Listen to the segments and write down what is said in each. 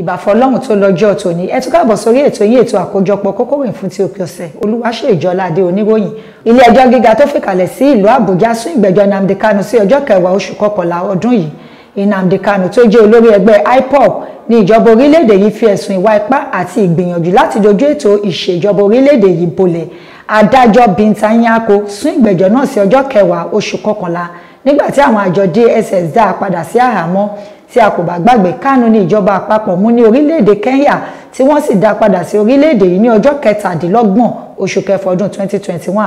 ìbàfọlọ́hún tó lọ́jọ́ tòní ẹ tún káàbọ̀ sórí ètò yín ètò àkójọpọ̀ kókó ìròyìn fún ti òpin ọ̀sẹ̀ olúwaṣẹ́ ìjọládé oníròyìn ilé ẹjọ́ gíga tó fìkàlẹ̀ sí ìlú àbújá sún ìgbẹ́jọ́ nnamdi kanu sí ọjọ́ kẹwàá oṣù kọkànlá ọdún yìí nnamdi kanu tó jẹ́ olórí ẹgbẹ́ ipob ní ìjọba orílẹ̀-èdè yìí fi ẹ̀sùn ìwà ipá àti ìgbìyànjú láti dojú ètò ìṣèjọba orílẹ̀-èdè yìí bolẹ̀ adájọ́ binta nyako sún ìgbẹ́jọ́ náà sí ọjọ́ kẹwàá oṣù kọkànlá nígbà tí àwọn àjọ dss dá a padà sí àhámọ́ tí a kò bá gbàgbé kánú ní ìjọba àpapọ̀ mú ní orílẹ̀-èdè Kenya tí wọ́n sì dá padà sí orílẹ̀-èdè yìí ní ọjọ́ kẹtàdínlọ́gbọ̀n oṣù kẹfà ọdún 2021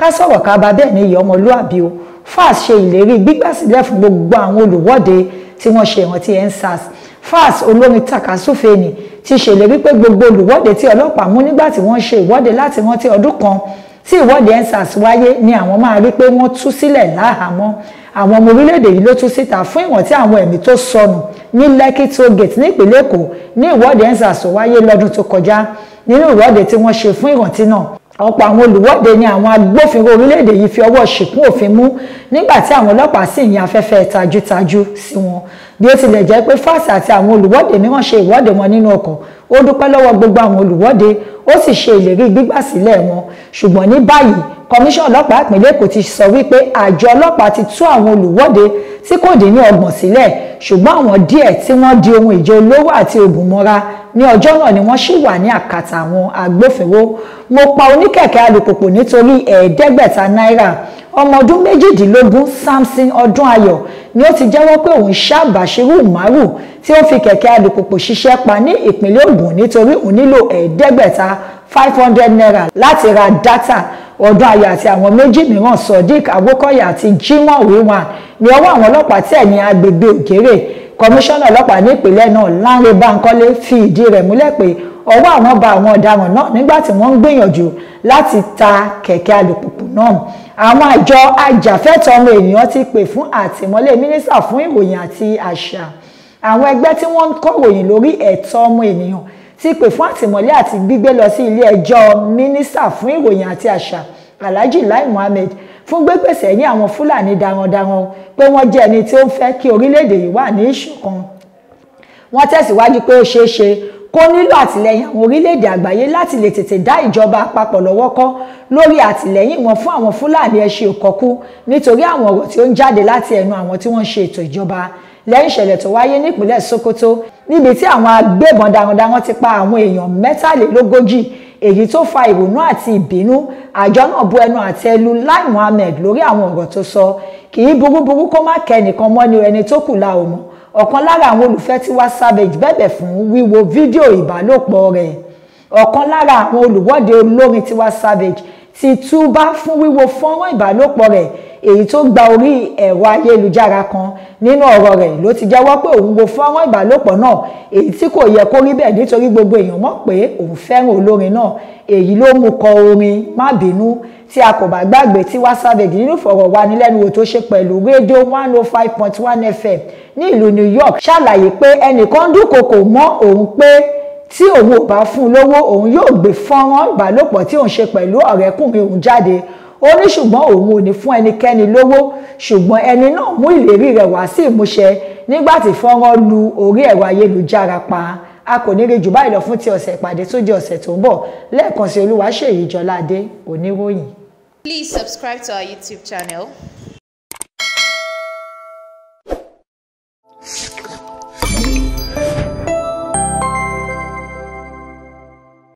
ká sọ̀rọ̀ ká bá bẹ́ẹ̀ ní ìyá ọmọlúàbí o FAS ṣe ìlérí gbígbà sílẹ̀ fún gbogbo àwọn olùwọ́de tí wọ́n ṣe ìrántí EndSARS FAS olórin takasúfèénì ti ṣèlérí pé gbogbo olùwọ́de tí ọlọ́pàá mú nígbà tí wọ́n ṣe ìwọ́de láti rántí ọdún kan tí ìwọ́de EndSARS wáyé ni àwọn máa rí pé wọ́n tú sílẹ̀ láhàámọ́ àwọn ọmọ orílẹ̀-èdè yìí ló tú síta fún ìwọ̀n tí àwọn ẹ̀mí tó sọnù ní Lekki toll gate ní ìpínlẹ̀ Èkó ní ìwọ́de endsars wáyé lọ́dún tó kọjá nínú ìwọ́de tí wọ́n ṣe fún ìrántí náà ọ̀pọ̀ àwọn olùwọ́de ni àwọn agbófinró orílẹ̀-èdè yìí fi ọwọ́ ṣìkún òfin mú nígbà tí àwọn ọlọ́pàá sì yin afẹ́fẹ́ tajútajú sí wọn bí ó tilẹ̀ jẹ́ pé fásì àti àwọn olùwọ́de mìíràn ṣe ìwọ́de wọn nínú ọkọ̀ ó dúpẹ́ lọ́wọ́ gbogbo àwọn olùwọ́de ó sì ṣe ìlérí gbígbà sílẹ̀ wọn ṣùgbọ́n ní báyìí kọmíṣán ọlọ́pàá ìpínlẹ̀ Èkó ti sọ wípé àjọ ọlọ́pàá ti tú àwọn olùwọ́de tí kò dín ní ọgbọ̀n sílẹ̀ ṣùgbọ́n àwọn díẹ̀ tí wọ́n di ohun ìjà olówó àti ogun mọ́ra ní ọjọ́ náà ni wọ́n ṣì wà ní àkàtà àwọn agbófinró mo pa oníkẹ̀kẹ́ alùpùpù nítorí ẹ̀ẹ́dẹ́gbẹ̀ta náírà ọmọ ọdún méjìdínlógún Samson Ọdúnayọ̀ ni ó ti jẹ́wọ́ pé òun ṣá Bashiru Umaru tí ó fi kẹ̀kẹ́ alùpùpù ṣiṣẹ́ pa ní ìpínlẹ̀ Ògùn nítorí òun nílò ẹ̀ẹ́dẹ́gbẹ̀ta five hundred naira láti ra dátà Ọdúnayọ̀ àti àwọn méjì mìíràn Sodiq Awokoya àti Jimoh Riwan ni ọwọ́ àwọn ọlọ́pàá tẹ̀ ní agbègbè Òkèrè kọmíṣánná ọlọ́pàá ní ìpínlẹ̀ náà Lánrè Bánkọ́lé fi ìdí rẹ̀ múlẹ̀ pé ọwọ́ àwọn bá àwọn ọ̀daràn náà nígbà tí wọ́n ń gbìyànjú láti ta kẹ̀kẹ́ alùpùpù náà àwọn àjọ ajàfẹ́tọ̀ọ́ ọmọ ènìyàn ti pè fún àtìmọ́lé mínísítà fún ìròyìn àti àṣà àwọn ẹgbẹ́ tí wọ́n ń kọ̀ròyìn lórí ẹ̀tọ́ ọmọ ènìyàn ti pè fún àtìmọ́lé àti gbígbé lọ sí ilé ẹjọ́ mínísítà fún ìròyìn àti àṣà Alhaji Lai Muhammed fún gbégbèsè ní àwọn fúlàní darandaran pé wọ́n jẹ́ ẹni tí ó ń fẹ́ kí orílẹ̀-èdè yìí wà ní ìṣọ̀kan wọ́n tẹ̀síwájú pé ó ṣeé ṣe kó nílò àtìlẹyìn àwọn orílẹ̀-èdè àgbáyé láti lè tètè dá ìjọba àpapọ̀ lọ́wọ́ kọ́ lórí àtìlẹyìn wọn fún àwọn fúlàní ẹṣin òkọ́kú nítorí àwọn ọ̀rọ̀ tí ó ń jáde láti ẹnu àwọn tí wọ́n ń ṣe ètò ìjọba lẹ́yìn ìṣẹ̀lẹ̀ tó wáyé nípínlẹ̀ Sokoto níbi tí àwọn agbébọn darandaran ti pa àwọn èèyàn mẹ́tàlélógójì èyí tó fa ìrònú àti ìbínú àjọ náà bu ẹnu àtẹ́ lu Lai Mohammed lórí àwọn ọ̀rọ̀ tó sọ kì í burúburú kó má kẹ́nìkan mọ́ ni ẹni tó kù la ò mọ̀ ọ̀kan lára àwọn olùfẹ́ Tiwa Savage bẹ̀bẹ̀ fún wíwo fídíò ìbálòpọ̀ rẹ̀ ọ̀kan lára àwọn olùwọ́de olórin Tiwa Savage ti túbá fún wíwo fọ́nrán ìbálòpọ̀ rẹ̀ èyí tó gba orí ẹ̀rọ ayélujára kan nínú ọ̀rọ̀ rẹ̀ ló ti jẹ́wọ́ pé òun wo fọ́nrán ìbálòpọ̀ náà èyí tí kò yẹ kó rí bẹ́ẹ̀ nítorí gbogbo èèyàn mọ̀ pé òun fẹ́ràn olórin náà èyí ló mú kọ orin má bínú tí a kò bá gbàgbé tí wá sábẹ̀gì nínú ìfọ̀rọ̀wánilẹ́nuwò tó ṣe pẹ̀lú rédíò one oh five point one fm ní ìlú new york ṣàlàyé pé ẹnìkan dúnkokò mọ́ òun pé tí òun ò bá fún un lówó òun yóò gbé fọ́nrán ìbálòpọ̀ tí òun ṣe pẹ̀lú ọ̀rẹ́kùnrin òun jáde ó ní ṣùgbọ́n òun ò ní fún ẹnikẹ́ni lówó ṣùgbọ́n ẹni náà mú ìlérí rẹ̀ wá sí ìmúṣẹ nígbà tí fọ́nrán lu orí ẹ̀rọ ayélujára pa a kò ní rí jù báyìí lọ fún ti ọ̀sẹ̀ ìpàdé tó di ọ̀sẹ̀ tó ń bọ̀ lẹ́ẹ̀kan sí Olúwaṣèyí Jọládé oníròyìn. Please subscribe to our YouTube channel.